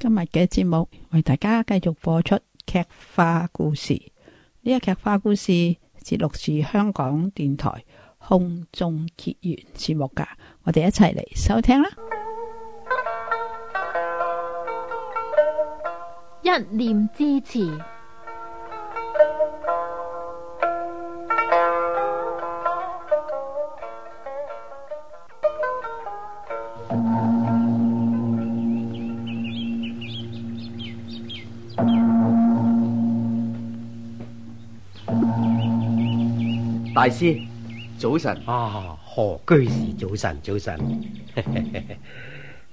今日嘅節目為大家繼續播出劇化故事，呢個劇化故事節錄住香港電台空中結緣節目噶，我哋一齊嚟收聽啦！一念之慈。大師早晨啊。何居士早晨，早晨，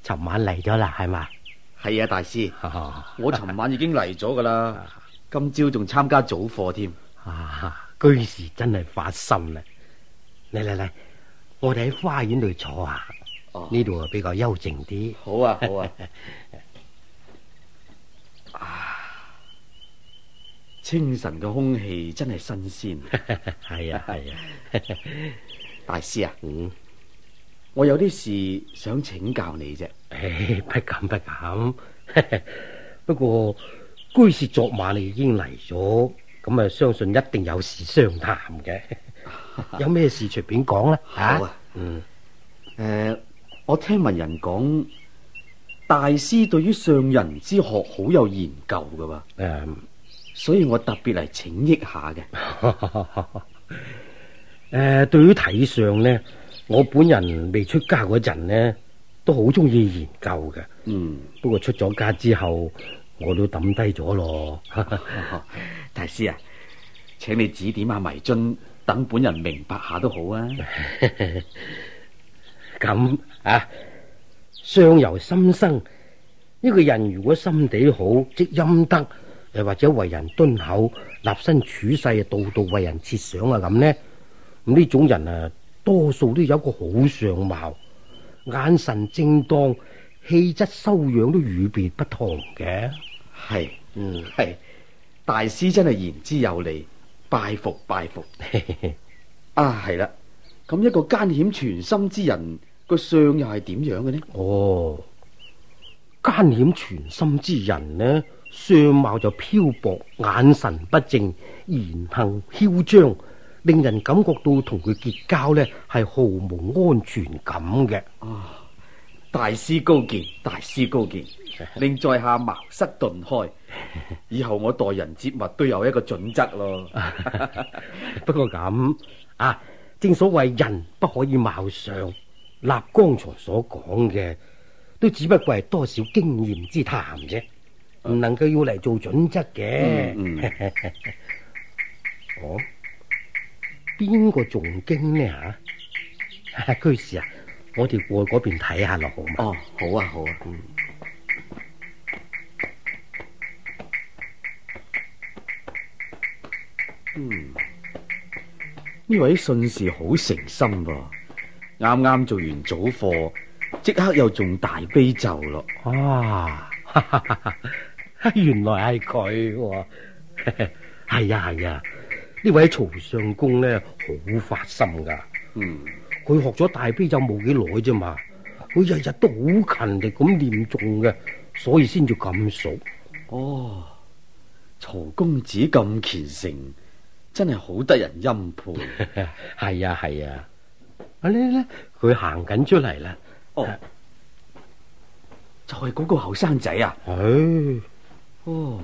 尋 晚嚟咗啦係嘛？係啊，大師，啊、我尋晚已經嚟咗噶啦，今朝仲參加早課添，啊。居士真係發心啦，嚟嚟嚟，我哋喺花園度坐下，呢度啊這裡比較幽靜啲。好啊，好啊。 清晨嘅空氣真係新鮮，係啊係啊，啊 大師啊，嗯，我有啲事想請教你啫。不敢不敢。不敢 不過居士昨晚你已經嚟咗，咁啊相信一定有事相談嘅。 有咩事隨便講啦吓。嗯，誒、呃，我聽聞人講，大師對於上人之學好有研究噶喎。誒、嗯。所以我特別嚟請益下嘅。誒， 對於睇相呢，我本人未出家嗰陣呢，都好中意研究嘅。嗯，不過出咗家之後，我都抌低咗咯。大師啊，請你指點下迷津，等本人明白下都好啊。咁 啊，相由心生，一個人如果心地好，積陰德。又或者為人敦厚，立身處世啊，度度為人設想啊咁呢？咁呢種人啊，多數都有一個好相貌，眼神正當，氣質修養都與別不同嘅。係，嗯係，大師真係言之有理，拜服拜服。 啊，係啦，咁一個奸險存心之人個相又係點樣嘅呢？哦，奸險存心之人呢？相貌就漂泊，眼神不正，言行囂張，令人感覺到同佢結交呢係毫無安全感嘅。啊！大師高見，大師高見，令在下茅塞頓開。以後我待人接物都有一個準則咯。不過咁啊，正所謂人不可以貌相，立剛才所講嘅，都只不過係多少經驗之談啫。唔能夠要嚟做準則嘅、嗯，嗯、 哦，邊個誦經咧吓？居士啊，我哋過去嗰邊睇下咯，好嘛，哦，好啊，好啊，嗯，呢、嗯、位信士好誠心喎、啊，啱啱做完早課，即刻又誦大悲咒咯，哇、啊！哈哈哈哈原來係佢，係啊係 啊，呢、啊、位曹相公呢，好發心噶，嗯，佢學咗大悲咒冇幾耐啫嘛，佢日日都好勤力咁念誦嘅，所以先至咁熟。哦，曹公子咁虔誠，真係好得人欽佩。係啊係啊，阿呢呢，佢行緊出嚟啦。哦，就係嗰個後生仔啊。誒、就是啊。哎哦，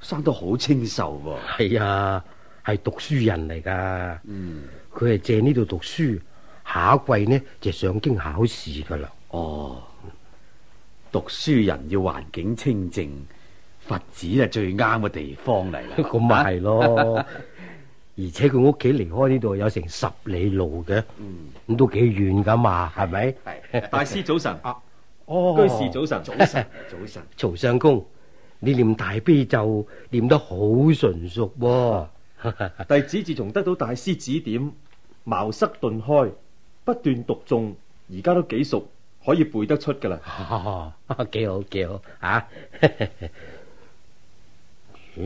生得好清秀喎！係啊，係、啊、讀書人嚟噶。嗯，佢係借呢度讀書，下一季呢就上京考試噶啦。哦，讀書人要環境清靜，佛寺係最啱嘅地方嚟。咁咪係咯，啊、 而且佢屋企離開呢度有成十里路嘅，咁、嗯、都幾遠噶嘛，係咪？係，大師早晨，哦、 啊，居士早晨，哦、早晨，早晨，早晨， 曹相公。你念大悲咒念得好純熟啊啊，弟子自從得到大師指點，茅塞頓開，不斷讀誦，而家都幾熟，可以背得出噶啦。幾好幾好啊？好好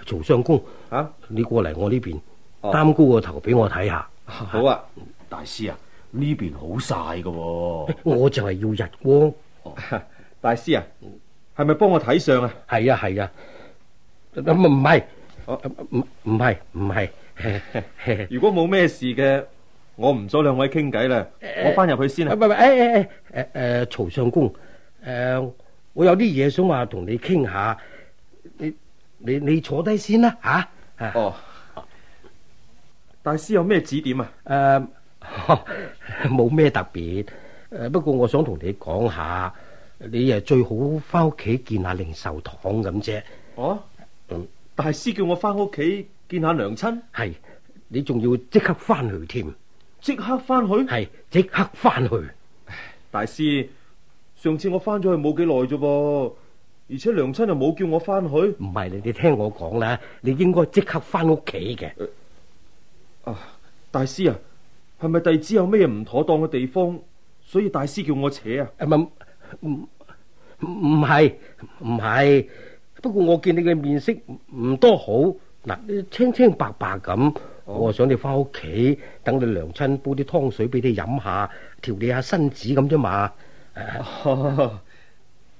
曹相公啊，你過嚟我呢邊，擔、啊、高個頭俾我睇下。好啊，大師啊，呢邊好曬噶，我就係要日光、啊。大師啊。係咪幫我睇相啊？係啊係啊，咁啊唔係，唔唔係唔係。啊啊、 如果冇咩事嘅，我唔阻兩位傾偈啦，我翻入去先啦。喂、呃，係誒誒誒誒誒，曹相公，誒、呃，我有啲嘢想話同你傾下，你你你坐低先啦吓、啊。哦，大師有咩指點啊？誒、呃，冇咩特別，誒，不過我想同你講下。你啊最好翻屋企見下靈壽堂咁啫。哦、啊，大師叫我翻屋企見下娘親。係你仲要即刻翻去添？即刻翻去？係即刻翻去。大師，上次我翻咗去冇幾耐啫噃，而且娘親又冇叫我翻去。唔係，你哋聽我講啦，你應該即刻翻屋企嘅。啊，大師啊，係咪弟子有咩唔妥當嘅地方，所以大師叫我扯啊？誒、啊啊唔唔係唔係，不過我見你嘅面色唔多好，嗱、呃，清清白白咁，哦、我想你翻屋企等你娘親煲啲湯水俾你飲下，調理下身子咁啫嘛。哦，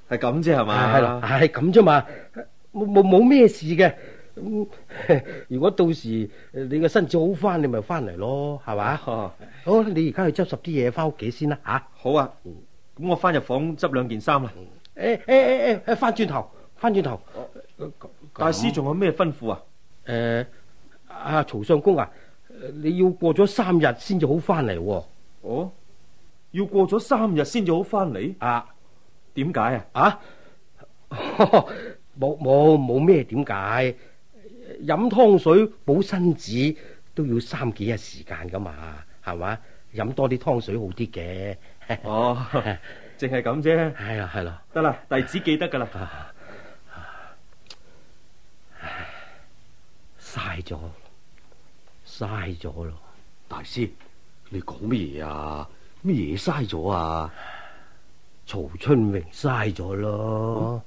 係咁啫係嘛，係、啊、咯，係咁啫嘛，冇冇冇咩事嘅、嗯。如果到時你個身子好翻，你咪翻嚟咯，係嘛？哦、好，你而家去執拾啲嘢翻屋企先啦，吓、啊。好啊、嗯。咁我翻入房執兩件衫啦。誒誒誒誒，翻轉頭，翻轉頭、啊啊啊。大師仲有咩吩咐啊？誒，阿曹相公啊，你要過咗三日先至好翻嚟、啊。哦，要過咗三日先至好翻嚟。啊，點解啊？啊？冇冇冇咩點解？飲湯水補身子都要三幾日時間噶嘛，係嘛？飲多啲湯水好啲嘅。哦，淨係咁啫，係啊，係咯，得啦，弟子記得噶啦，嘥咗，嘥咗咯，大師，你講乜嘢啊？乜嘢嘥咗啊？曹春明嘥咗咯，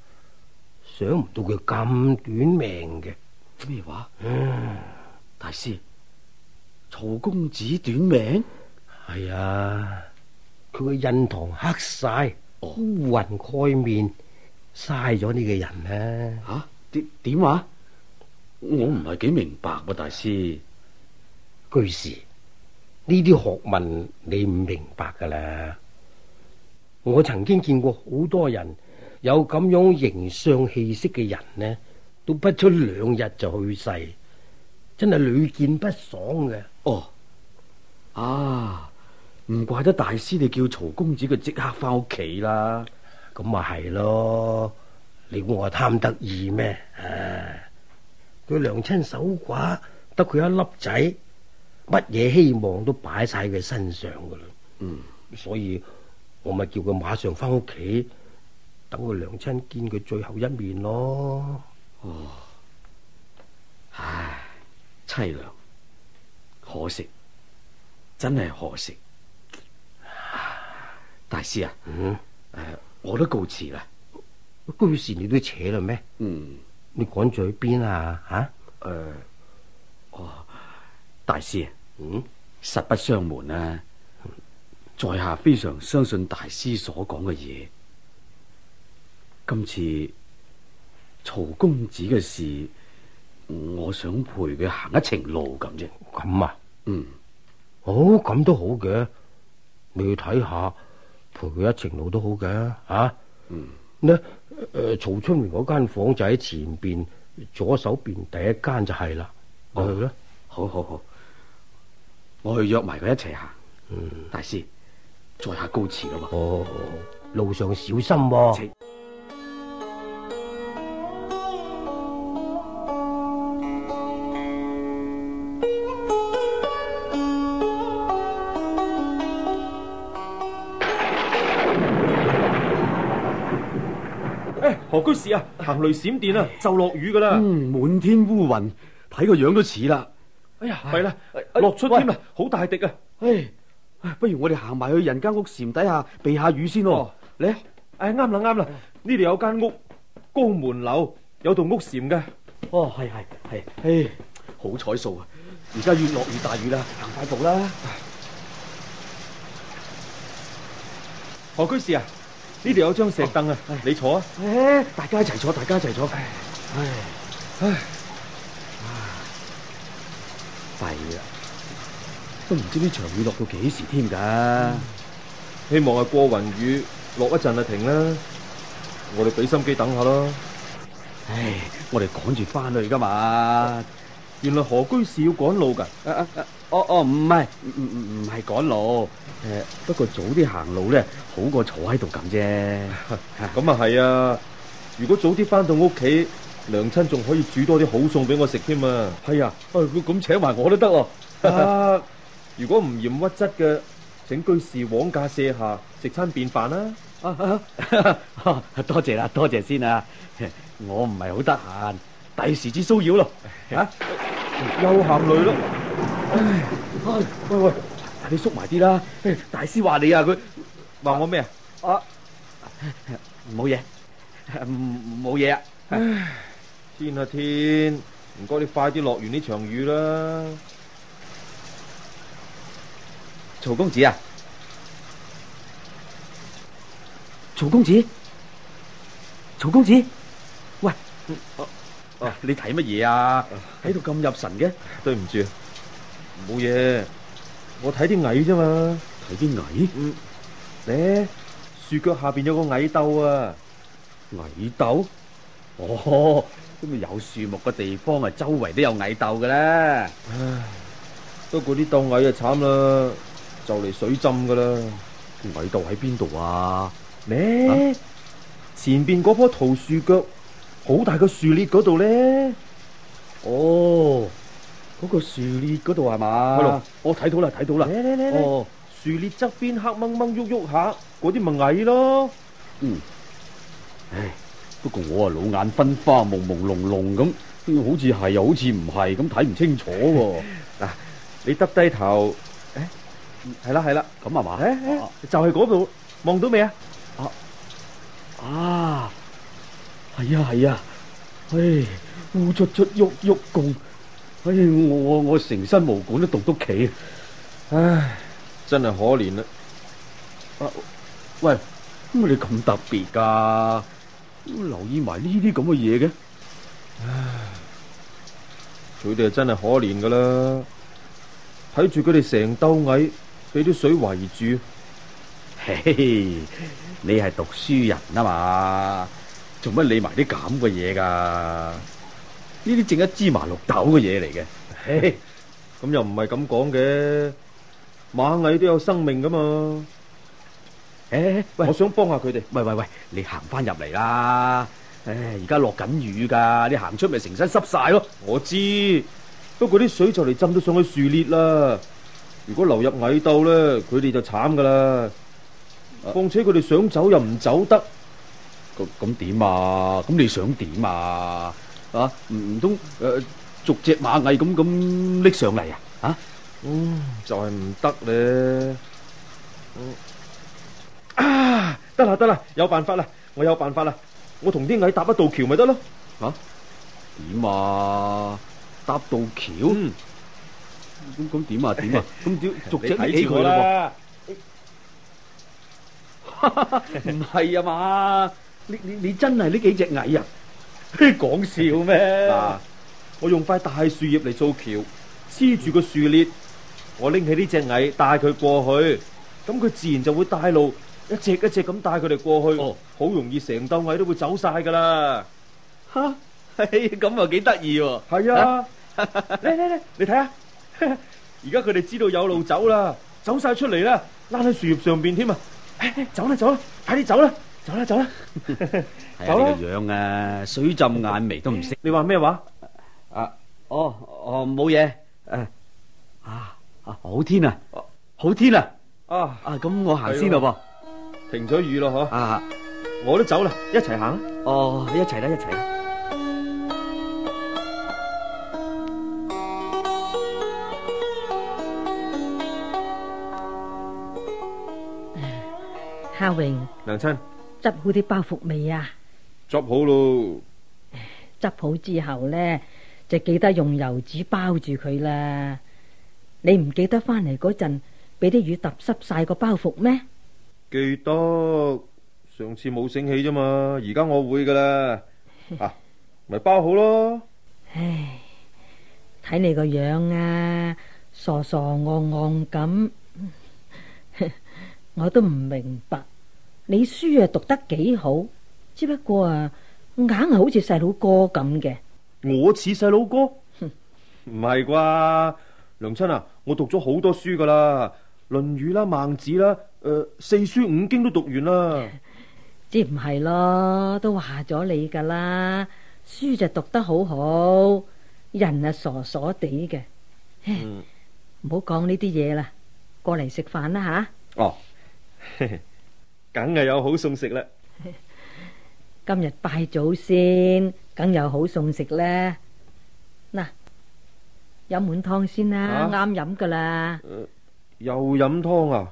想唔到佢咁短命嘅，咩話？嗯，大師，曹公子短命，係啊。佢個印堂黑晒，烏雲蓋面，嘥咗呢個人呢。吓，點點話？我唔係幾明白啊，大師居士，呢啲學問你唔明白㗎喇。我曾經見過好多人有咁樣形相氣息嘅人呢，都不出兩日就去世，真係屢見不爽嘅。哦啊！唔怪得大師你叫曹公子佢即刻翻屋企啦，咁咪係咯？你估我貪得意咩？佢、啊、娘親守寡，得佢一粒仔，乜嘢希望都擺晒佢身上噶啦。嗯，所以我咪叫佢馬上翻屋企，等佢娘親見佢最後一面咯。哦，唉，淒涼，可惜，真係可惜。大師啊，嗯，誒、呃，我都告辭啦。居士，你都扯啦咩？嗯，你趕住去邊啊，吓、呃？誒，哦，大師啊，嗯，實不相瞞啊，在下非常相信大師所講嘅嘢。今次曹公子嘅事，我想陪佢行一程路咁啫。咁啊，嗯，哦、好，咁都好嘅，你去睇下。陪佢一程路都好嘅、啊，吓、啊、嗯，呢誒、呃，曹春明嗰間房就喺前邊咗手邊第一間就係啦，我、哦、去啦，好好好，我去約埋佢一齊行，嗯，大師再下告辭咯，喎、哦，路上小心喎、啊。居士啊，行雷閃電啊，就落雨噶啦，滿、嗯、天烏雲，睇個樣都似啦。哎呀，弊啦、哎，落出添啦、哎，好、哎、大滴啊。唉、哎，不如我哋行埋去人家屋檐底下避下雨先咯。嚟、哦，唉，啱啦啱啦，呢度有間屋，高門樓，有道屋檐嘅。哦，係係係，唉，哎、好彩數啊。而家越落雨大雨啦，行快步啦。何居士啊！呢度有張石凳啊、哦，你坐啊！大家一齊坐，大家一齊坐。唉，唉，弊啦，都唔知呢場雨落到幾時添噶、嗯。希望係過雲雨，落一陣就停啦。我哋俾心機等下咯。唉，我哋趕住翻去噶嘛。原來何居士要趕路噶，啊啊。哦哦，唔係唔唔唔係趕路。誒，不過早啲行路咧，好過坐喺度咁啫。咁啊係啊！啊！如果早啲翻到屋企，娘親仲可以多煮多啲好餸俾我食添啊！係啊，佢咁請埋我都得咯。如果唔嫌屈質嘅，請居士枉駕卸下，食餐便飯啦，啊啊啊啊。多謝啦，多謝先啊！我唔係好得閒，第時之騷擾咯。又喊淚咯！唉，喂喂，你縮埋啲啦！唉，大師話你啊，佢話我咩啊？啊，冇嘢，冇嘢啊！唉，天啊天，唔該你快啲落完呢場雨啦！曹公子啊，曹公子，曹公子，喂！你睇乜嘢啊？喺度咁入神嘅。對唔住，冇嘢，我睇啲蟻啫嘛。睇啲蟻？嗯。咧，樹腳下邊有個蟻竇啊。蟻竇？哦，咁有樹木嘅地方，周圍都有蟻竇㗎啦。唉，不過啲竇蟻就慘啦，就嚟水浸噶啦。蟻竇喺邊度啊？呢、啊？前邊嗰棵桃樹腳。好大樹、oh, 個樹裂嗰度咧，哦，嗰個樹裂嗰度係嘛？我睇到啦，睇到啦。哦，樹裂側邊黑掹掹喐喐下，嗰啲咪蟻咯。嗯、mm. 唉，不過我啊老眼昏花，朦朦朧朧咁，好似係又好似唔係咁睇唔清楚喎。嗱， 你耷低頭，唉，係啦係啦，咁啊嘛，唉，就係嗰度望到未啊？啊啊！係啊，係啊，唉，呼出出喐喐共。唉，我我我成身毛管都戙篤企，唉，真係可憐啦！啊，喂，咁你咁特別噶，啊，留意埋呢啲咁嘅嘢嘅，唉，佢哋係真係可憐噶啦，睇住佢哋成兜蟻俾啲水圍住，嘿嘿，你係讀書人啊嘛。做乜理埋啲咁嘅嘢噶？呢啲淨係芝麻綠豆嘅嘢嚟嘅，咁又唔係咁講嘅。螞蟻都有生命噶嘛？誒，喂，我想幫下佢哋。喂喂喂，你行翻入嚟啦！誒，而家落緊雨噶，你行出咪成身濕晒咯。我知，不過啲水就嚟浸到上去樹裂啦。如果流入蟻竇咧，佢哋就慘噶啦。況且佢哋想走又唔走得。咁咁點啊？咁你想點啊？啊，唔唔通誒，逐隻螞蟻咁咁搦上嚟啊？啊，嗯，就係唔得咧。啊，得啦得啦，有辦法啦，我有辦法啦，我同啲蟻搭一道橋咪得咯？啊，點啊？搭道橋？咁咁點啊？點啊？咁要逐隻搦起佢啦？唔係啊嘛？你你你真係呢幾隻蟻啊？講笑咩？我用塊大樹葉嚟做橋，黐住個樹裂。我拎起呢隻蟻帶佢過去，咁佢自然就會帶路，一隻一隻咁帶佢哋過去。哦，好容易成兜蟻都會走晒噶啦。吓，咁啊幾得意喎！係啊，嚟嚟嚟，你睇下，而家佢哋知道有路走啦，走晒出嚟啦，躝喺樹葉上邊添啊！誒，走啦，走啦，快啲走啦！走啦走啦，走啦！個樣啊，水浸眼眉都唔識。你話咩話？啊，哦哦，冇嘢。誒，啊啊，好天啊，好天啊！啊啊，咁我行先咯噃。停咗雨咯嗬。啊，我都走啦，一齊行啦。哦，一齊啦，一齊啦。夏榮，娘親。執好啲包袱未啊？執好咯。執好之後呢，就記得用油紙包住佢啦。你唔記得翻嚟嗰陣俾啲雨揼濕晒個包袱咩？記得，上次冇醒起啫嘛。而家我會噶啦，吓咪包好咯。唉，睇你個樣啊，傻傻戇戇咁，我都唔明白。你書啊讀得幾好，只不過啊，硬係好似細佬哥咁嘅。我似細佬哥？唔係啩？娘親啊，我讀咗好多書噶啦，《論語》啦，《孟子》啦，誒，《四書五經》都讀完啦。即唔係咯，都話咗你噶啦。書就讀得好好，人啊傻傻地嘅。唔好講呢啲嘢啦，過嚟食飯啦吓。哦。 梗係有好餸食啦！今日拜祖先，梗有好餸食啦。嗱，飲碗湯先啦，啱飲噶啦。又飲湯啊，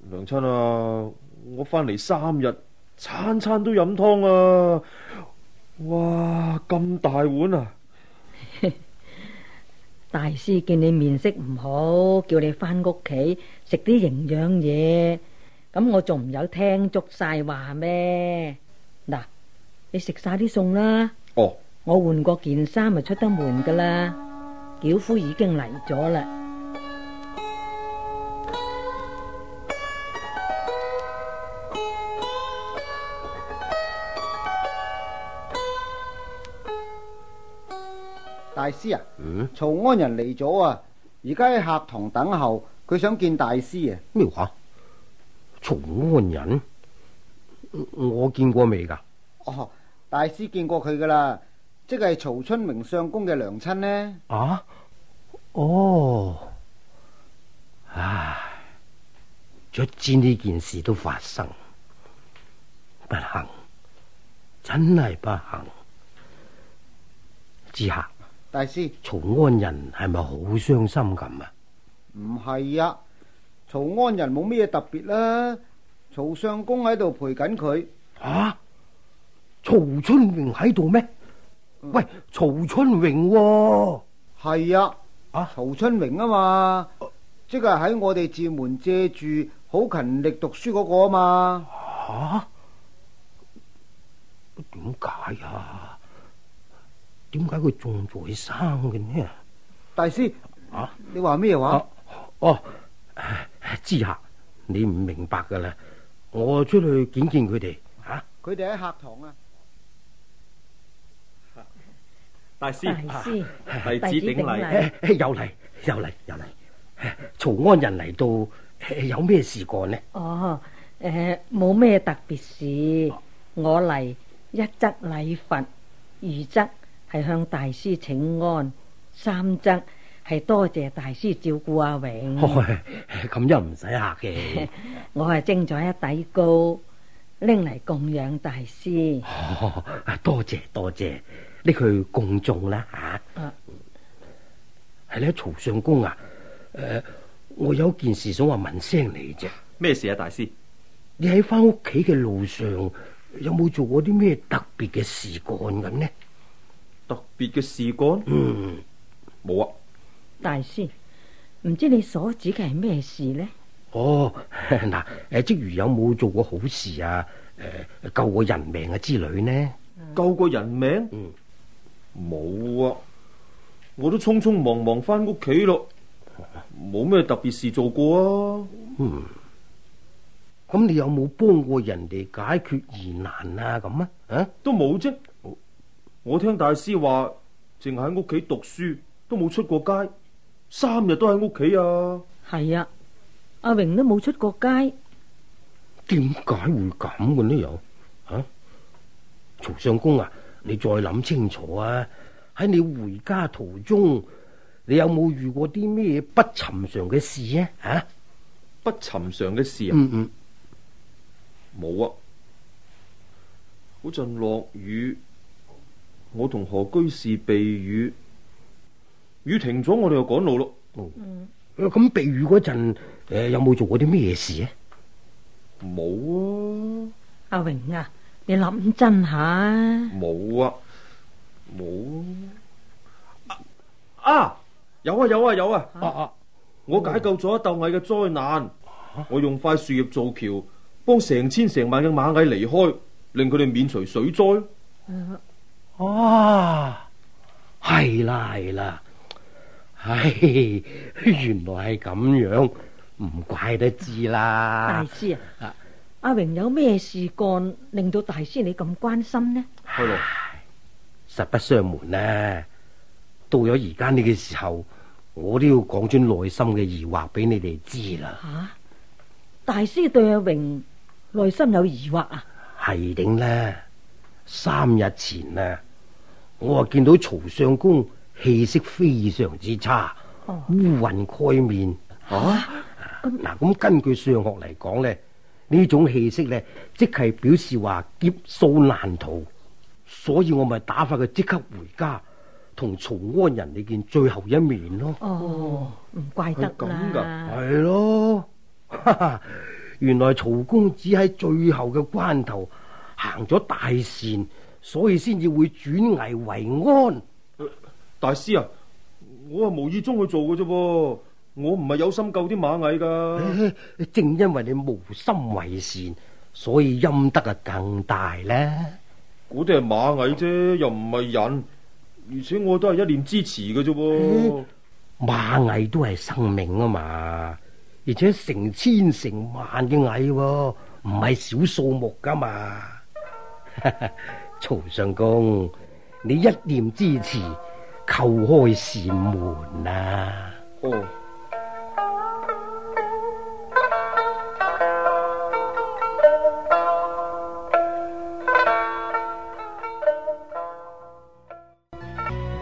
娘親啊，我翻嚟三日，餐餐都飲湯啊。哇，咁大碗啊！大師見你面色唔好，叫你翻屋企食啲營養嘢。咁我仲唔有聽足晒話咩？嗱，你食晒啲餸啦。哦，我換過件衫咪出得門噶啦。轎夫已經嚟咗啦。大師啊，嗯，曹安人嚟咗啊，而家喺客堂等候，佢想見大師啊。咩話？曹安人，我見過未噶？哦，大師見過佢噶啦，即係曹春明相公嘅娘親呢？啊？哦，唉，一知呢件事都發生，不幸，真係不幸。知客，大師曹安人係咪好傷心咁啊？唔係啊。曹安人冇咩特別啦，曹相公喺度陪緊佢。吓、啊，曹春榮喺度咩？喂，曹春榮係、哦、啊，啊，曹春榮啊嘛，啊即係喺我哋寺門借住好勤力讀書嗰個啊嘛。吓，點解啊？點解佢仲在生嘅呢？大師，啊，你話咩話？哦、啊。啊啊。知客，你唔明白噶啦！我出去見見佢哋啊！佢哋喺客堂啊！大師，大師，弟子頂禮，又嚟又嚟又嚟！曹安人嚟到，有咩事幹呢？哦，誒，冇咩特別事，我嚟一則禮佛，二則係向大師請安，三則。係多謝大師照顧阿榮，咁又唔使客氣。我係蒸咗一底糕拎嚟供養大師。多謝多謝，搦佢去供眾啦吓。係咧，曹相公啊，誒，我有件事想話問聲你啫。咩事啊，大師？你喺翻屋企嘅路上有冇做過啲咩特別嘅事幹咁呢？特別嘅事幹，嗯，冇啊。大師，唔知你所指嘅係咩事呢？哦，嗱、啊，誒、啊，即如有冇做過好事啊？誒、啊，救過人命啊之類呢？救過人命？嗯，冇啊，我都匆匆忙忙翻屋企咯，冇、啊、咩特別事做過啊。嗯，咁你有冇幫過人哋解決疑難啊？咁啊，啊，都冇啫、啊。我聽大師話，淨喺屋企讀書，都冇出過街。三日都喺屋企啊！係啊，阿榮都冇出過街。點解會咁嘅呢？又、啊、吓？曹相公啊，你再諗清楚啊！喺你回家途中，你有冇遇過啲咩不尋常嘅事啊？吓、啊？不尋常嘅事啊？嗯、嗯，冇啊。嗰陣落雨，我同何居士避雨。雨停咗，我哋又趕路咯。咁、嗯嗯、避雨嗰陣，誒、呃、有冇做過啲咩事啊？冇啊。阿榮啊，你諗真下冇啊，冇、啊啊啊。啊，有啊有啊有啊，啊，啊！我解救咗一斗蟻嘅災難、啊。我用塊樹葉造橋，幫成千成萬嘅螞蟻離開，令佢哋免除水災。啊，係啦係啦。係、哎，原來係咁樣，唔怪得之啦。大師啊，啊啊阿榮有咩事幹，令到大師你咁關心呢？啊、實不相瞞呢，到咗而家呢個時候，我都要講出內心嘅疑惑俾你哋知啦。吓、啊，大師對阿榮內心有疑惑啊？係定呢？三日前啊，我啊見到曹相公。氣息非常之差，烏雲蓋面啊！嗱、啊，咁根據上學嚟講咧，啊、這種氣呢種氣息咧，即係表示話劫數難逃，所以我咪打發佢即刻回家，同曹安人嚟見最後一面咯。哦、唔、哦、怪得咁㗎，係咯哈哈，原來曹公子喺最後嘅關頭行咗大善，所以先至會轉危為安。大師啊，我係無意中去做嘅啫，我唔係有心救啲螞蟻噶。正因為你無心為善，所以陰德啊更大啦。嗰啲係螞蟻啫，又唔係人，而且我都係一念之慈嘅啫。螞蟻都係生命啊嘛，而且成千成萬嘅蟻，唔係小數目噶嘛。 曹相公，你一念之慈。叩開扇門啊！哦，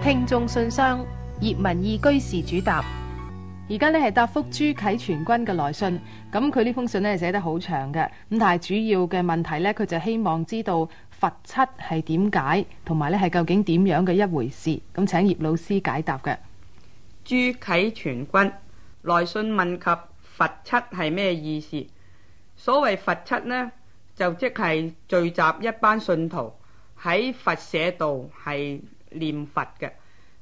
聽眾信箱，葉文義居士主答。而家呢，係答覆朱啟全君嘅來信，咁佢呢封信呢，寫得好長嘅，咁但係主要嘅問題呢，佢就希望知道佛七係點解，同埋呢係究竟點樣嘅一回事，咁請葉老師解答嘅。朱啟全君來信問及佛七係咩意思？所謂佛七呢，就即係聚集一班信徒喺佛舍度係念佛嘅，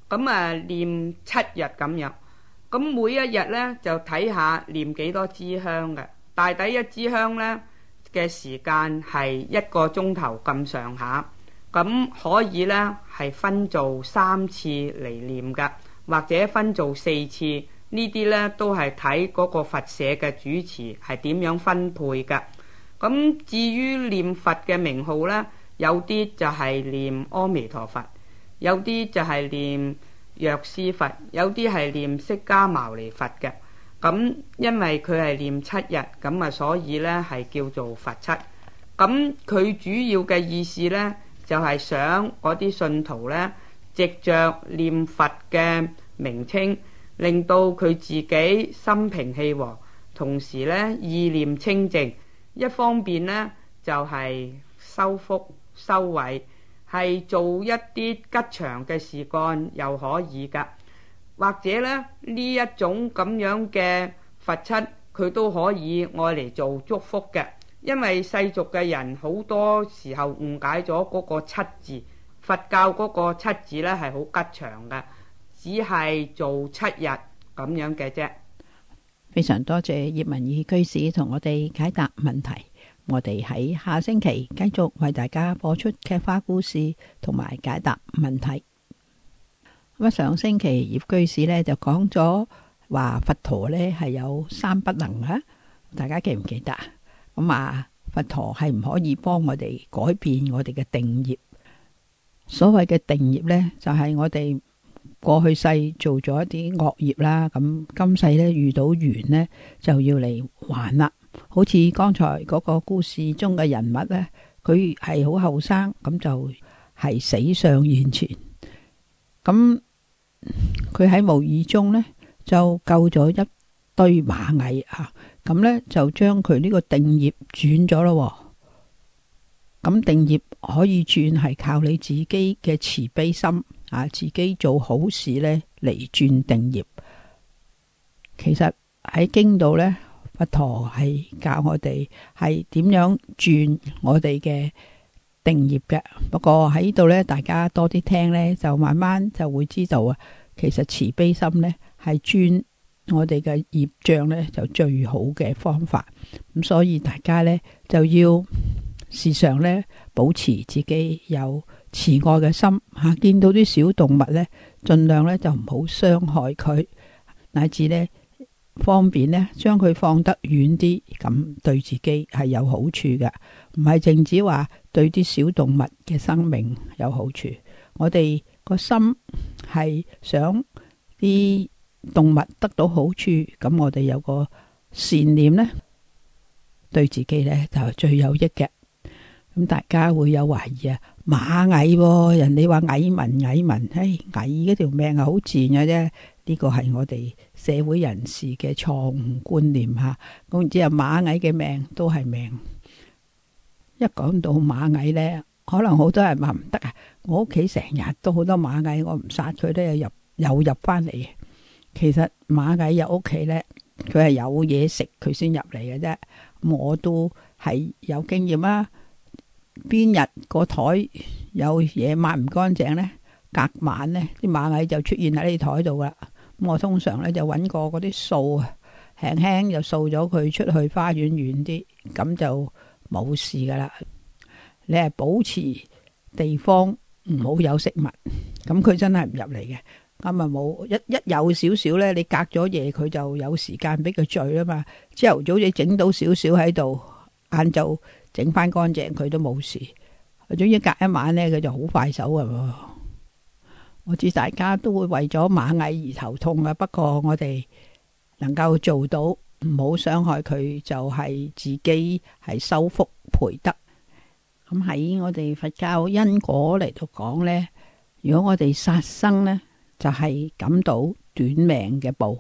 咁啊念七日咁樣。咁每一日咧就睇下念幾多支香嘅，大抵一支香咧嘅時間係一個鐘頭咁上下。咁可以咧係分做三次嚟念㗎，或者分做四次。呢啲咧都係睇嗰個佛社嘅主持係點樣分配㗎。咁至於念佛嘅名號咧，有啲就係念阿彌陀佛，有啲就係念藥師佛有啲係念釋迦牟尼佛嘅。咁因為佢係念七日，咁啊所以呢係叫做佛七。咁佢主要嘅意思呢，就係想嗰啲信徒呢，藉着念佛嘅名稱，令到佢自己心平氣和，同時呢意念清淨，一方面呢，就係修福修慧，係做一啲吉祥嘅事幹又可以噶。或者呢呢一種咁樣嘅佛七，佢都可以愛嚟做祝福嘅。因為世俗嘅人好多時候誤解咗嗰個七字，佛教嗰個七字呢係好吉祥嘅，只係做七日咁樣嘅啫。非常多謝葉文義居士同我哋解答問題。我哋喺下星期繼續為大家播出劇花故事同埋解答問題。咁啊，上星期葉居士呢，就講咗話佛陀呢係有三不能啊，大家記唔記得啊？咁啊，佛陀係唔可以幫我哋改變我哋嘅定業。所謂嘅定業呢，就係我哋過去世做咗一啲惡業啦，咁今世呢，遇到緣呢，就要嚟還啦。好似剛才嗰個故事中嘅人物呢，佢係好後生，咁就係死上完全。咁佢喺無意中呢，就救咗一堆螞蟻啊，咁咧就將佢呢個定業轉咗咯。咁定業可以轉係靠你自己嘅慈悲心啊，自己做好事呢嚟轉定業。其實喺經度呢。佛陀係教我哋係點樣轉我哋嘅定業嘅，不過喺呢度呢，大家多啲聽呢，就慢慢就會知道啊。其實慈悲心呢係轉我哋嘅業障呢就最好嘅方法。咁所以大家呢，就要時常呢保持自己有慈愛嘅心，吓見到啲小動物呢，盡量呢就唔好傷害佢，乃至呢。方便呢，將佢放得遠啲，咁對自己係有好處嘅，唔係淨止話對啲小動物嘅生命有好處。我哋個心係想啲動物得到好處，咁我哋有個善念呢，對自己呢就係最有益嘅。咁大家會有懷疑啊？螞蟻、啊，人哋話蟻民，蟻、哎、民，唉，蟻嗰條命係好賤嘅啫。呢、呢個係我哋。社會人士嘅錯誤觀念嚇，咁然之啊！螞蟻嘅命都係命。一講到螞蟻呢，可能好多人話唔得啊！我屋企成日都好多螞蟻，我唔殺佢咧，入又入翻嚟。其實螞蟻入屋企呢，佢係有嘢食佢先入嚟嘅啫。我都係有經驗啦。邊日個台有嘢抹唔乾淨呢？隔晚呢，啲螞蟻就出現喺呢台度啦。咁我通常咧就揾個嗰啲掃，輕輕就掃咗佢出去花園遠啲，咁就冇事噶啦。你係保持地方唔好有食物，咁佢真係唔入嚟嘅。咁啊冇一一有少少咧，你隔咗夜佢就有時間俾佢聚啊嘛。朝頭早你整到少少喺度，晏晝整翻乾淨佢都冇事。總之隔一晚咧，佢就好快手啊。我知大家都會為咗螞蟻而頭痛啦。不過我哋能夠做到唔好傷害佢，就係、是、自己係修福培德。咁喺我哋佛教因果嚟度講呢，如果我哋殺生呢，就係感到短命嘅報；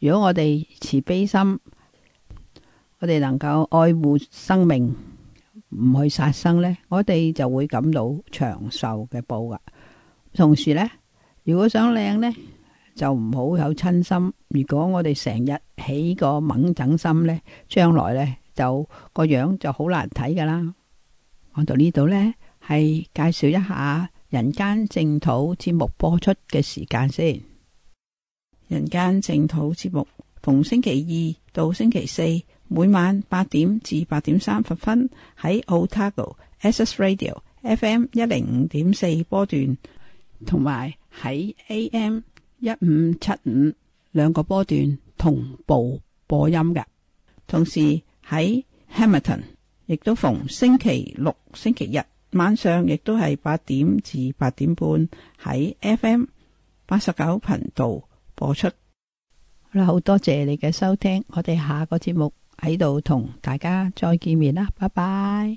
如果我哋慈悲心，我哋能夠愛護生命，唔去殺生呢，我哋就會感到長壽嘅報噶。同時呢，如果想靚呢，就唔好有親心。如果我哋成日起個猛整心呢，將來呢，就個樣就好難睇噶啦。講到呢度呢，係介紹一下人間正土節目播出嘅時間先。人間正土節目逢星期二到星期四，每晚八點至八點三十分喺 Otago S S Radio F M 一零五點四波段，同埋喺 AM 一五七五兩個波段同步播音嘅，同時喺 Hamilton 亦都逢星期六、星期日晚上，亦都係八點至八點半喺 FM 八十九頻道播出。好啦，好多謝你嘅收聽，我哋下個節目喺度同大家再見面啦，拜拜。